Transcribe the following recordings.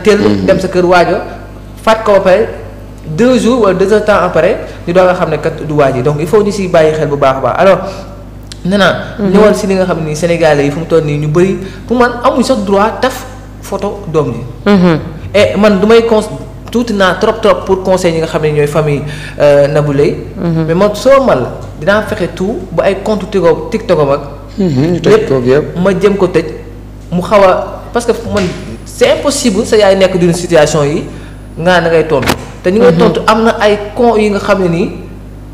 tel mhm. dem sa kër waajo faat ko ba pare deux jours wala deux temps après ñu doog a xam ne kat du waaj yi donc il faut ñu si bàyyi xel bu baax a baax alors nee naa mhm. ñëwal si li nga xam ni sénégalais yi fu mu toll nii ñu bëri pour man amuñ sax droit taf foto doom ji mhm. et man du may cons tuuti naa trop trop pour conseil yi nga xam ne ñooy famille euh, Nabou Leye mais man soo mal dinaa fexe tout ba ay compte tiktok tiktok ak lépp ma jëm ko tëj mu xaw a parce que man c'est impossible sa yaay nekk d'une situation yi nga na ngay tontu. te ñu ngay mhm. tontu am na ay con yi nga xam ne nii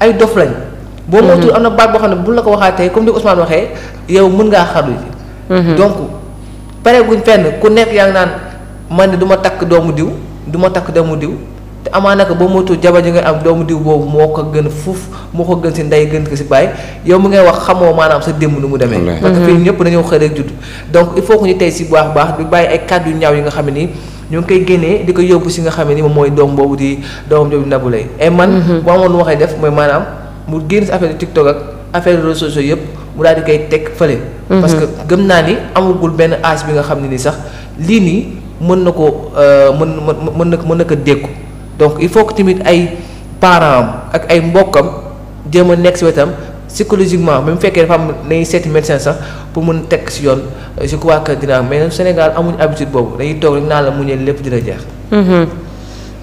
ay dof lañ. boo mhm. moytuwul am na baat boo xam ne bu la ko waxaatee comme ni Ousmane waxee yow mën ngaa xaru ji. Mhm. donc pare guñ fenn ku nekk yaa ngi naan man ne duma takk doomu diw du ma takk doomu diw. te amaana ko ba moytu jabar ji ngay am doomu diw boobu moo ko gën fuuf moo ko gën si ndey gën ko si bàyyi yow mi ngay wax xamoo maanaam sa démb nu mu demee parce que fii mm-hmm. ñëpp dañoo xëy rek judd donc il faut que ñu tey si bu baax baax di nga xam ne nii ñu ngi koy génnee di ko yóbbu si nga xam ne moom mooy doom boobu di doomam joobu Nabou Leye et man mm-hmm. bu def mooy maanaam mu génn affaire TikTok ak affaire réseaux yëpp mu daal di koy teg fële mm-hmm. parce que gëm naa ni amagul benn âge bi nga xam ne nii sax lii nii mën na ko euh, mën mën na mën na ko dégg donc il faut que tamit ay parents am ak ay mbokkam jéem a nekk si wetam psychologiquement même fekkee dafa am dañuy seeti médecin sax pour mën teg si yoon je crois que dina am mais Sénégal amuñ habitude boobu dañuy toog rek la mu ñëw lépp dina jeex. Mm-hmm.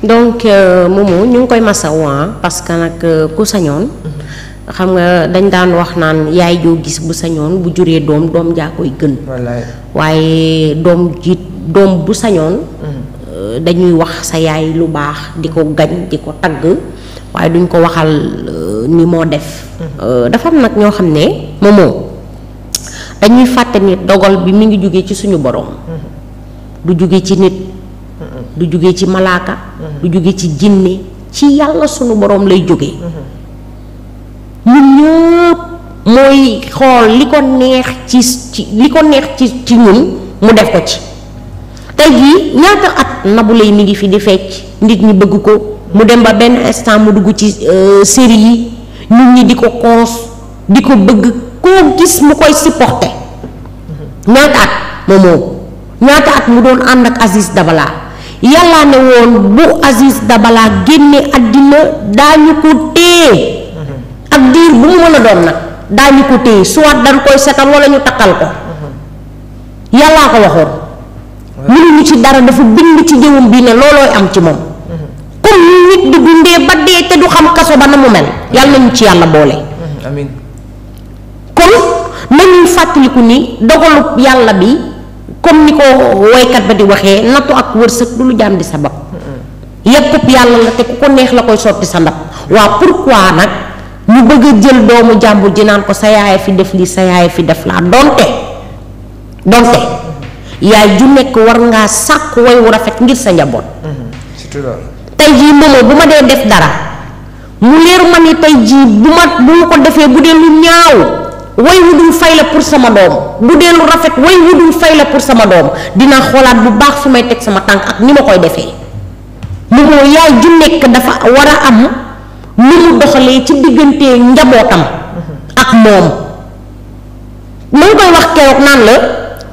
donc euh, Momo ñu ngi koy masawu ah, parce que nag euh, ku sañoon. xam nga dañ daan wax naan yaay joo gis bu sañoon bu juree doom doom jaa koy gën. waaye doom ji doom bu sañoon. Mm-hmm. dañuy wax sa yaay lu baax di ko gañ di ko tagg waaye duñ ko waxal euh, ni moo def mhm. euh, dafa nag ñoo xam ne moomoo dañuy fàtte ni dogal bi mi ngi jóge ci suñu boroom mhm. du jóge ci nit mhm. du jóge ci malaaka du jóge ci jinne ci yàlla suñu boroom lay jóge ñun ñëpp mooy xool li ko neex ci li ko neex ci ci ñun mu def ko ci tey jii ñaata at Nabou Leye mi ngi fi di fecc nit ñi bëgg ko mu dem ba benn instant mu dugg ci euh, série yi nit ñi di ko cons di ko bëgg koo gis mu koy supporter ñaata at moom moom ñaata at mu doon ànd ak Aziz Dabala yàllaa ne woon bu Aziz Dabala génne àddina daañu ko téye ak diir bu mu mën a doon nag daañu ko téye soit dañ koy setal wala ñu takkal ko yàllaa ko waxoon mënuñu ci dara dafa bind ci jëwum bii ne loolooy am ci moom comme nit di dundee ba dee te du xam kaso ba na mu mel yàlla nañu ci yàlla boole amiin ni dogalu yàlla bi comme ni ko woykat ba di waxee nattu ak wërsëg du lu jaam di sabab yàqub yàlla la te ku ko neex la koy sotti sa ndab waaw pourquoi nag ñu bëgg a jël doomu jàmbur ji naan ko sa yaay fi def lii sa yaay fi def laa donte donte yaay ju nekk war ngaa sàkk way wu rafet ngir sa njaboot. Mm-hmm. surtout jii moom bu ma dee def dara mu leer ma ni tey jii bu ma bu ma ko defee bu dee lu ñaaw. way wu dul fay la pour sama doom bu dee lu rafet way wu dul sama doom dinaa xoolaat bu baax su may teg sama tànk ak ni ma koy defee mu moo yaay ju nekk dafa war a am lu mu doxalee ci diggante njabootam mm-hmm. ak moom mu koy wax keroog naan la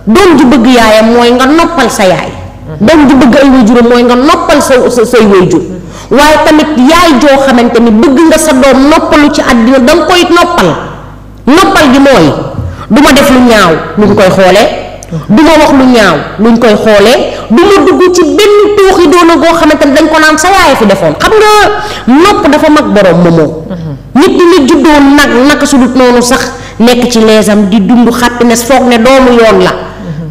doom ju bëgg yaayam mooy nga noppal sa yaay doom ju bëgg ay waajuram mooy nga noppal sa say waajur waaye tamit yaay joo xamante ni bëgg nga sa doom noppalu ci àddina da nga koy noppal noppal gi mooy du ma def lu ñaaw luñ koy xoolee du ma wax lu ñaaw luñ koy xoolee du ma dugg ci benn tuuxi doona ni dañ ko naan sa yaay fi defoon xam nga nopp dafa mag borom moomoo nit ñi la juddoo nag naka su dul noonu sax nekk ci leesam di dund happiness foog ne doomu yoon la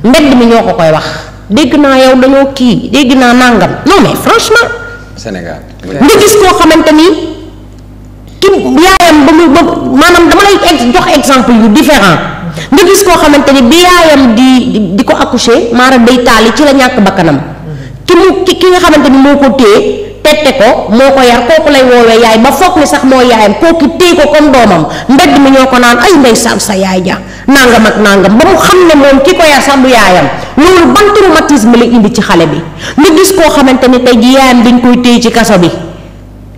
mbedd mi ñoo ko koy wax dégg naa yow dañoo kii dégg naa nàngam non mais franchement. Sénégal nga gis koo xamante ni. ki yaayam ba mu ba maanaam dama lay jox exemple yu différent koo xamante ni bi yaayam di di ko accoucher maanaam day taali ci la ñàkk bakkanam ki mu ki ki nga xamante ni moo ko téye tette ko moo ko yar kooku lay woowee yaay ba foog ni sax mooy yaayam kooku téye ko comme doomam mbedd mi ñoo ko naan ay ndeysaan sa yaay ja nangam ak nangam ba mu xam ne moom ki ko yar yaayam loolu ban traumatisme la indi ci xale bi nga gis koo xamante ni tey yaayam dañ koy téye ci kaso bi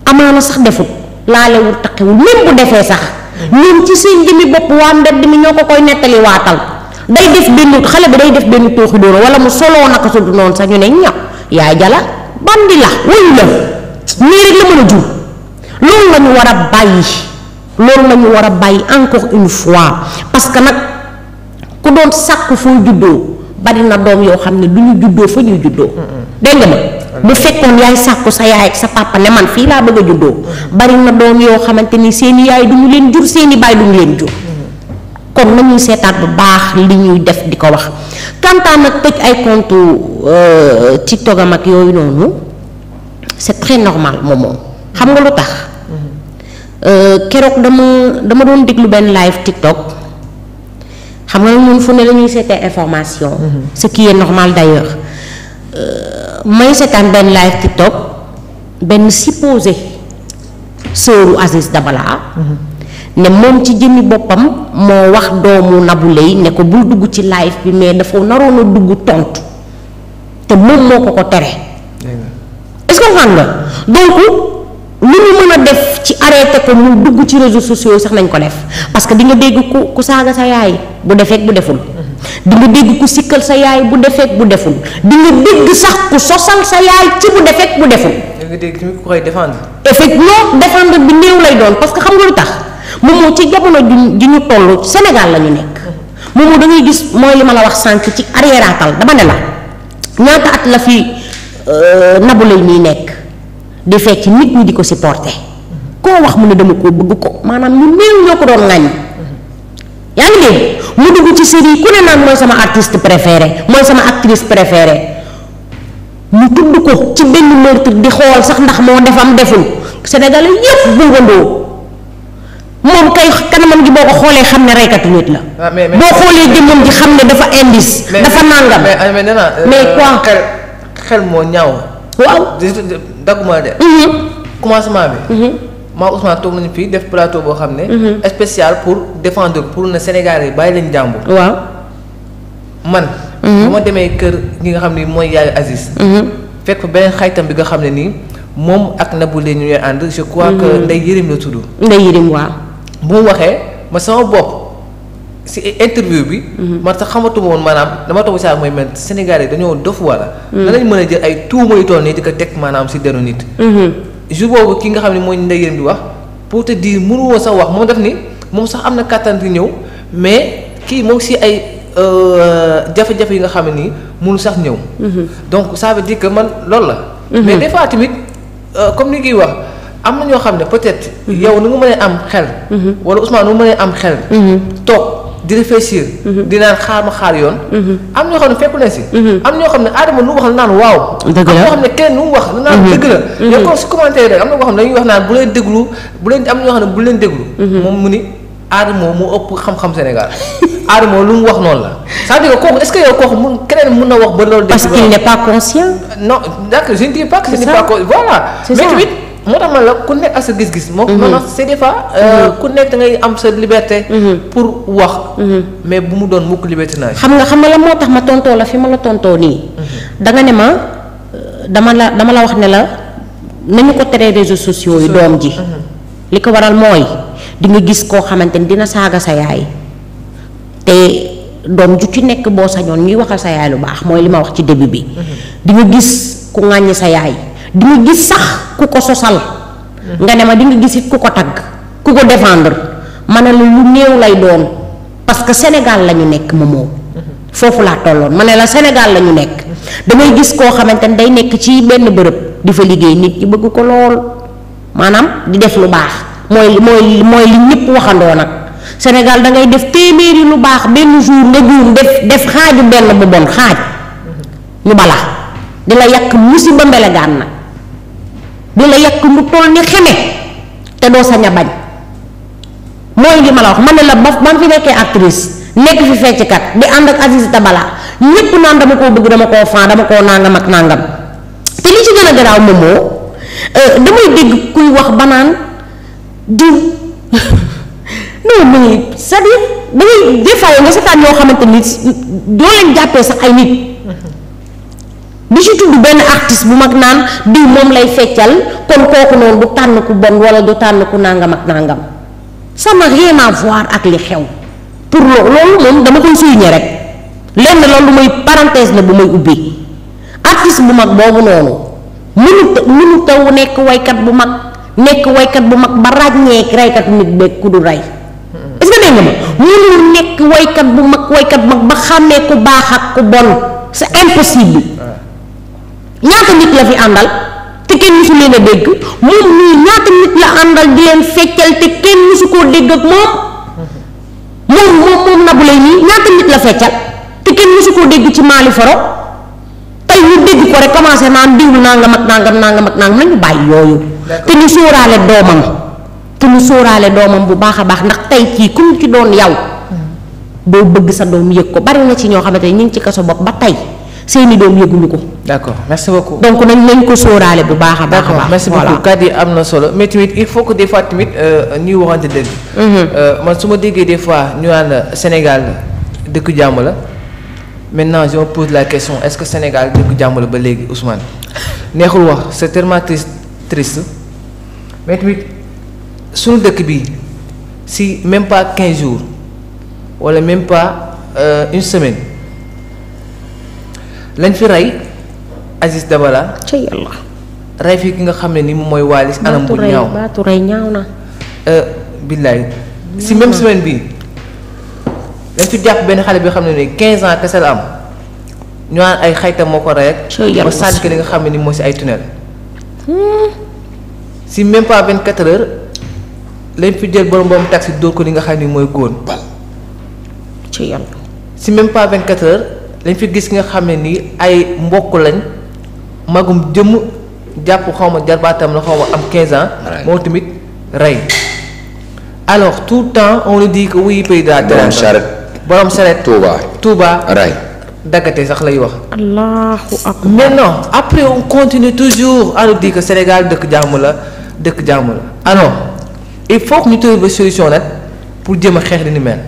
amaana sax defut laalewul taqewul même bu defee sax ñoom ci seen jëmmi bopp waa mbedd mi ñoo ko koy nettali waatal day def benn xale bi day def benn tooxi doona wala mu soloo naka su noonu sax ñu ne ñaw yaay jala bandi la wayu la nii la mën a jur loolu la ñu war a bàyyi loolu la ñu war a bàyyi encore une fois parce que nag ku doon sàkk foo juddoo bari na doom yoo xam ne du ñu juddoo fa ñuy juddoo dégg nga ma bu fekkoon yaay sàkku sa yaay ak sa papa ne man fii laa bëgg a juddoo bari na doom yoo xamante ni seeni yaay du ñu leen jur seeni baay du ñu leen jur kon nañuy seetaat bu baax li ñuy def di ko wax kantaan nag tëj ay compte euh, TikTok am ak yooyu noonu c'est très normal moom moom xam nga lu tax Euh, keroog dama dama doon déglu benn live TikTok xam nga ñun fu ne la ñuy seetee information. Mhm. ce qui est normal d'ailleurs euh, may seetaan benn live TikTok benn supposé sëru Aziz Dabala. Mhm. ne moom ci jëmmi boppam moo wax doomu Nabou Leye ne ko bul dugg ci live bi mais dafa naroon dugg tontu te moom moo ko ko tere. est-ce que xam nga donc. lu ñu mën a def ci arrêté ko mu dugg ci réseaux sociaux sax nañ ko def parce que di nga dégg ku ku saaga sa yaay bu defeek bu deful di nga dégg ku sikkal sa yaay bu defeek bu deful di nga dégg sax ku sosal sa yaay ci bu defeek bu deful. da nga dégg ku koy défendre. effectivement défendre bi néew lay doon parce que xam nga lu tax moom moo ci jamono ju ñu toll Sénégal la ñu nekk moom moo da ngay gis mooy li ma la wax sànq ci arrière dama ne la ñaata at la fi euh, nabu lay nii nekk. di fecc nit ñi di ko supporter koo wax mu ne dama koo bëgg ko maanaam ñu néew ñoo ko doon ŋàññ yaa ngi dégg mu dugg ci série ku ne naan mooy sama artiste préféré mooy sama actrice préférée mu tudd ko ci benn meurtre di xool sax ndax moo defam deful Sénégal yépp bëggandoo moom kay kanamam gi boo ko xoolee xam ne reykatu nit la. Ah, boo xoolee jëmmam ji xam ne dafa indice. dafa nangam mais mais euh, xel xel moo ñaaw. waaw. dagguma de. Mhm. commencement bi. Mhm. ma Ousmane toog nañu fii def plateau boo xam ne. Mhm. spécial pour défendre pour na Sénégal yi bàyyi lañ jàmbur. waaw man. bu ma demee kër gi nga xam ni mooy yaayu Aziz. fekk fa beneen xaytam bi nga xam ne nii moom ak Nabou Leye ñu ñooy ànd. je crois que Ndeye Yérim la tudd. Ndeye Yérim waaw. bu mu waxee ma sama bopp. si interview bi. Mhm. man sax xamatuma woon maanaam dama toog saa mooy mel Sénégal dañoo dof wala. Mhm. a jël ay mhm. ki nga xam ne mooy ndeyam di wax pour te dire mënu woon na kàttan di ñëw mais kii moom si ay euh, jafe-jafe yi nga xam ne nii mënu sax ñëw. donc ça veut dire la. mais des fois tamit euh, ni ngi wax. am na ñoo xam ne peut-être yow nu mu mënee am xel. wala Ousmane nu am xel. toog di réfléchir. Mm-hmm. di naan xaar ma xaar yoon. Mm-hmm. am ñoo xam ne fekku leen si. Mm-hmm. am ñoo xam ne aadama lu mu wax naan waaw. dëgg la am ñoo xam ne kenn lu mu wax. naan dëgg la. yow kon su commentaire rek am na boo xam ne dañuy wax naan bu leen déglu bu am ñoo xam ne bu leen déglu. moom mu ni aadama moo ëpp xam-xam Sénégal. Adamo lu mu wax noonu la c'est-à-dire kooku est-ce que yow kooku mun keneen mun na wax ba loolu. parce qu'il n'est pas ne dis voilà mais tamit. moo tax man la ku nekk ak sa gis-gis. moo maanaam c'est des fois. Euh, mhm. ku am sa liberté. Mhm. pour wax. Mhm. mais bu mu doon mukk liberté naa xam nga xam nga la moo tax ma tontoo la fi ma la tontoo nii. danga ne ma euh, dama la dama la wax ne la na nañu ko teree réseaux sociaux yi doom ji. li ko waral mooy di nga gis koo xamante ni dina saaga sa yaay te doom ju ci nekk boo sañoon ñuy waxal sa yaay lu baax mooy li ma wax ci début bi. di gis ku ŋàññi sa yaay. di nga gis sax ku ko sosal nga ne ma di nga gis ku ko tagg ku ko defendre ma ne la lu néew lay doon parce que Sénégal la ñu nekk moomoo foofu laa tolloon ma la Sénégal la nekk damay gis koo xamante ne day nekk ci benn bërëb di fa liggéey nit ñi bëgg ko lool maanaam di def lu baax mooy mooy mooy li ñëpp waxandoo nag Sénégal da ngay def téeméeri lu baax benn jour nga juum def def xaaju benn bu bon xaaj ñu bala di la yàq musiba mbelegaan nag di la yekk lu toll ni xeme te doo sañ a mooy li ma la wax man ne la ba ba fi nekkee actrice nekk fi fecckat di ànd ak Aziz Dabala ñépp naan dama koo bëgg dama koo faa dama koo nangam ak nangam te li ci gën a garaaw moom moo euh, damay dégg kuy wax banaan naan non mais c'est-à-dire dangay des nga seetaan ñoo xamante ni doo leen jàppee sax ay nit. di ci tudd benn artiste bu mag naan diw moom lay feccal kon kooku noonu du tànn ku bon wala du tànn ku nàngam ak nàngam ça n'a ak li xew pour loolu moom dama koy souligner rek lenn loolu mooy parenthèse la bu may ubbi artiste bu mag boobu noonu mënut mënut a nekk waykat bu mag nekk waykat bu mag ba ràññee raykat nit beeg ku du rey est-ce que ma mënul nekk waykat bu mag waykat bu mag ba xàmmee ku baax ak ku bon c'est impossible. ñaata nit la fi àndal te kenn musu leen a dégg moom mii ñaata nit la àndal di leen feccal te kenn musu koo dégg ak moom moom moom moom Nabou Leye nii ñaata nit la feccal te kenn dégg ci Mali Faro tey ñu dégg ko rek commencé naan diwlu nangam ak nangam nangam ak nangam nañu bàyyi yooyu te ñu sóoraale doomam te ñu sóoraale doomam bu baax a baax ndax tey kii kum ci doon yow doo bëgg sa doom yëg ko bari na ci ñoo xamante ne ñu ngi ci kaso bopp ba tey seeni doom yëguñu ko d'accord merci beaucoup. donc nañ nañ ko sooraale bu baax a baax. voilà d'accord merci beaucoup kàddu yi am na solo mais tamit il faut que des fois tamit euh, ñuy waxante dëgg. Mhm. Euh, man su ma déggee des fois ñu naan euh, Sénégal dëkk jàmm la maintenant je me pose la question est-ce que Sénégal dëkk jàmm la ba léegi Ousmane neexul wax c'est tellement triste triste mais suñu dëkk bi si même pas quinze jours wala même pas une semaine lañ fi rey. Aziz Dabala. ca rey fi ki nga xam ne ni moom mooy waalis anam bu ñaaw baatu rey ñaaw na. Euh, billaay si même semaine bii dañ fi jàpp benn xale bi xam ne ni 15 ans kese la am ñu naan ay xaytam moo ko rey ak. ca ba sànni ko li nga xam ne ni mooy si ay tunnel. Hmm. si même pas 24 heures lañ fi jël borom borom taxi dóor ko li nga xam ne mooy góon bal. ca yàlla. si même pas 24 heures lañ fi gis nga xam ne nii ay mbokk lañ. magum jëmm jàpp xaw ma jarbaatam la xaw ma am 15 ans. moo tamit rey. alors tout le temps on nous dit que oui pays de la borom daggate sax lay wax. allahu mais non après on continue toujours à nous dire Sénégal dëkk jàmm la dëkk jàmm la alors il faut que ñu trouver solution nag pour jéem a xeex li mel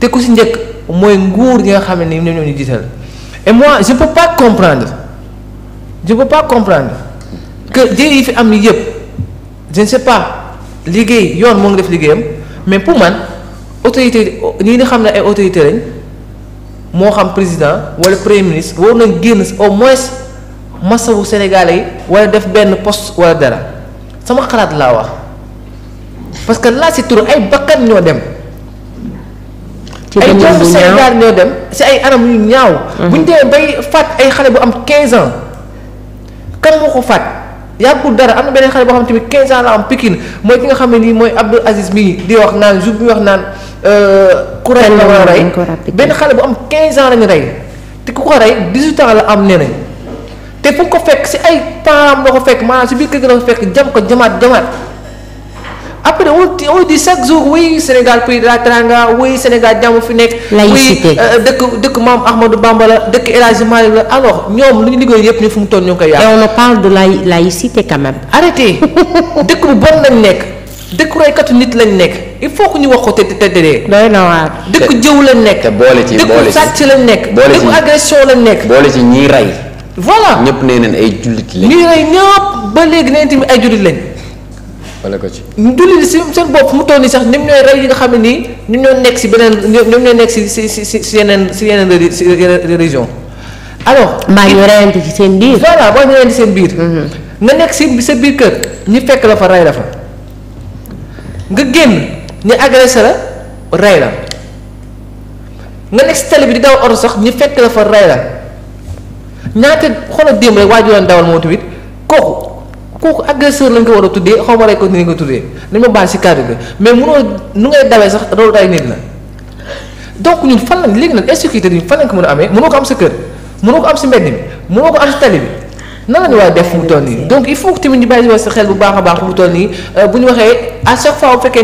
te ku si njëkk mooy nguur gi nga xam ne ni ñoom ñoo ñu jiital et moi je peux pas comprendre. je peux pas comprendre que jëye yi fi am yëpp je ne sais pas liggéey yoon moo ngi def liggéeyam mais pour man autorité ñi ni xam ne ay autorité lañ moo xam président wala premier ministre war nañ génn au moins masawu sénégalais yi wala def benn post wala dara sama xalaat laa wax parce que laa si tur ay bakkan ñoo dem. ay doomu Sénégal ñoo dem si ay anam yu ñaaw. bu ñu demee bay faat ay xale bu am 15 ans. kan moo ko faat yàggul dara am na beneen xale boo xam tamit 15 ans la am Pikine mooy ki nga xam ne nii mooy Abdou Aziz mii di wax naan jour bi ñu wax naan euh, ku rey la a rey benn xale bu am 15 ans la ñu rey te ku ko rey 18 ans la am nee te fu ko fekk si ay parents la ko fekk maanaam si biir kër gi la ko fekk jam ko jamaat jamaat après on dit on oh, dit chaque jour oui oh, Sénégal pays de la Teranga oui Sénégal jàmm fi nekk. laïcité oui eh, dëkk dëkk maam Ahmadou Bamba la dëkk El la alors ñoom li ñu liggéey yëpp ni fu mu toll ñu ngi koy yàq. et on parle de la laïcité quand même. arrêtez dëkk bu bon lañ nekk dëkk raykatu nit lañ nekk il faut que ñu wax ko te te tëddee. doy na waar dëkk jëw lañ nekk. te boole ci boole ci dëkk sàcc lañ nekk. boole ci dëkk agression lañ nekk. boole ci ñiy rey. voilà ñëpp nee nañ ay eh, jullit eh, lañ. ñiy rey ñëpp ba léegi nañ tamit ay jullit wala ko ci jullit yi seen bopp mu toll nii sax ñoom ñooy rey yi nga xam ne nii ñoom ñoo nekk si beneen ñoom ñooy nekk si si si si si yeneen si yeneen si yeneen région alors maa ngi reyante ci seen biir voilà boo ñu reyante seen biir mm-hmm. nga nekk si sa biir kër ñu fekk la fa rey la fa nga génn ñu agressé la rey la nga nekk si télé bi di daw oto sax ñu fekk la fa rey la ñaata xoolal démb rek waa ji dawal moo tamit kooku kooku agresseur lañ ko war a tuddee xaw ma ko ni nga tuddee dañ ma baal si kàddu bi mais mënoo nu ngay dawee sax loolu ay nit la donc ñun fan lañ léegi nag insécurité bi fan lañ ko mën a amee mënoo ko am sa kër mënoo ko am si mbedd mi mënoo ko am si tali bi nan la ñu a def fu mu toll nii donc il faut que tamit ñu bàyyi si sa xel bu baax a baax fu mu toll nii euh, bu ñu waxee à chaque fois bu fekkee.